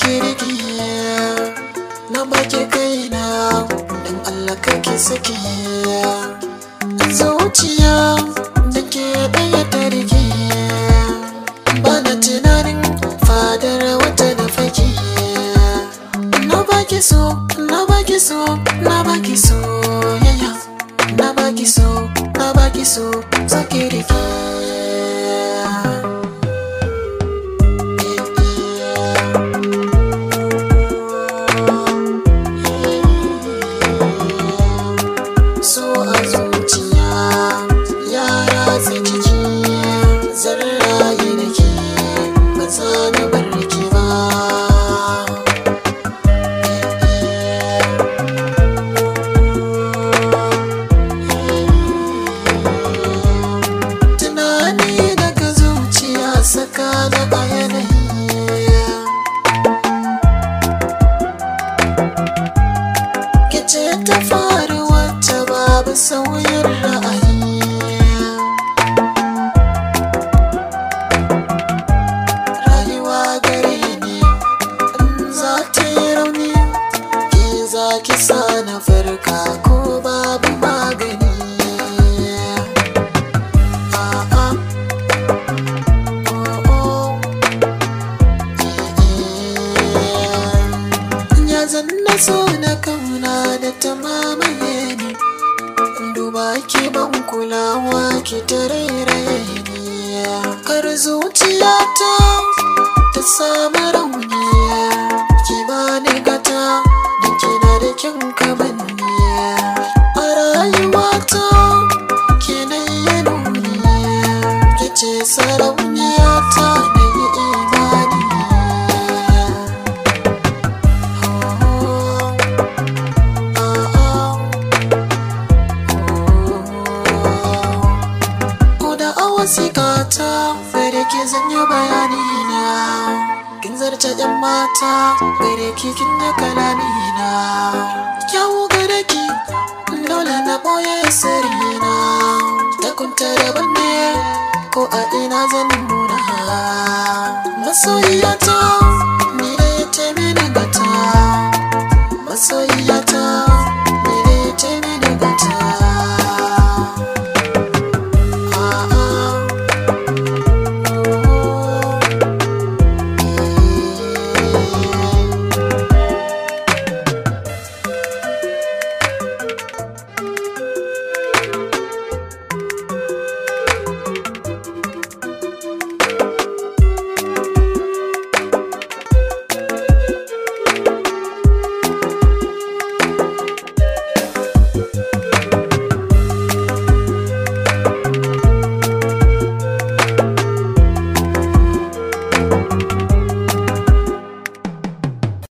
kirki na baki kaina dan Allah kake saki zuciya da ke ɗaya ta riki ba na tunanin fadar wata da ya na baki so na baki so na baki so yaya na baki so na baki so so kirki sauyin ra'ayi rayuwa gari ni in za ta yi rauni ke za ki sa na farka ko babu magani oh, oh, eh, eh. Zan na so na kauna da ta mamaye ni duba ki ban kulawa ki tare raini kar zuciyata ta samu kike zanyo bayani na kin zarce yan mata gare ki kin na kalami na kyawu gare ki dole na boye sirri na takunta daban ne ko a ina zan nuna masoyiyata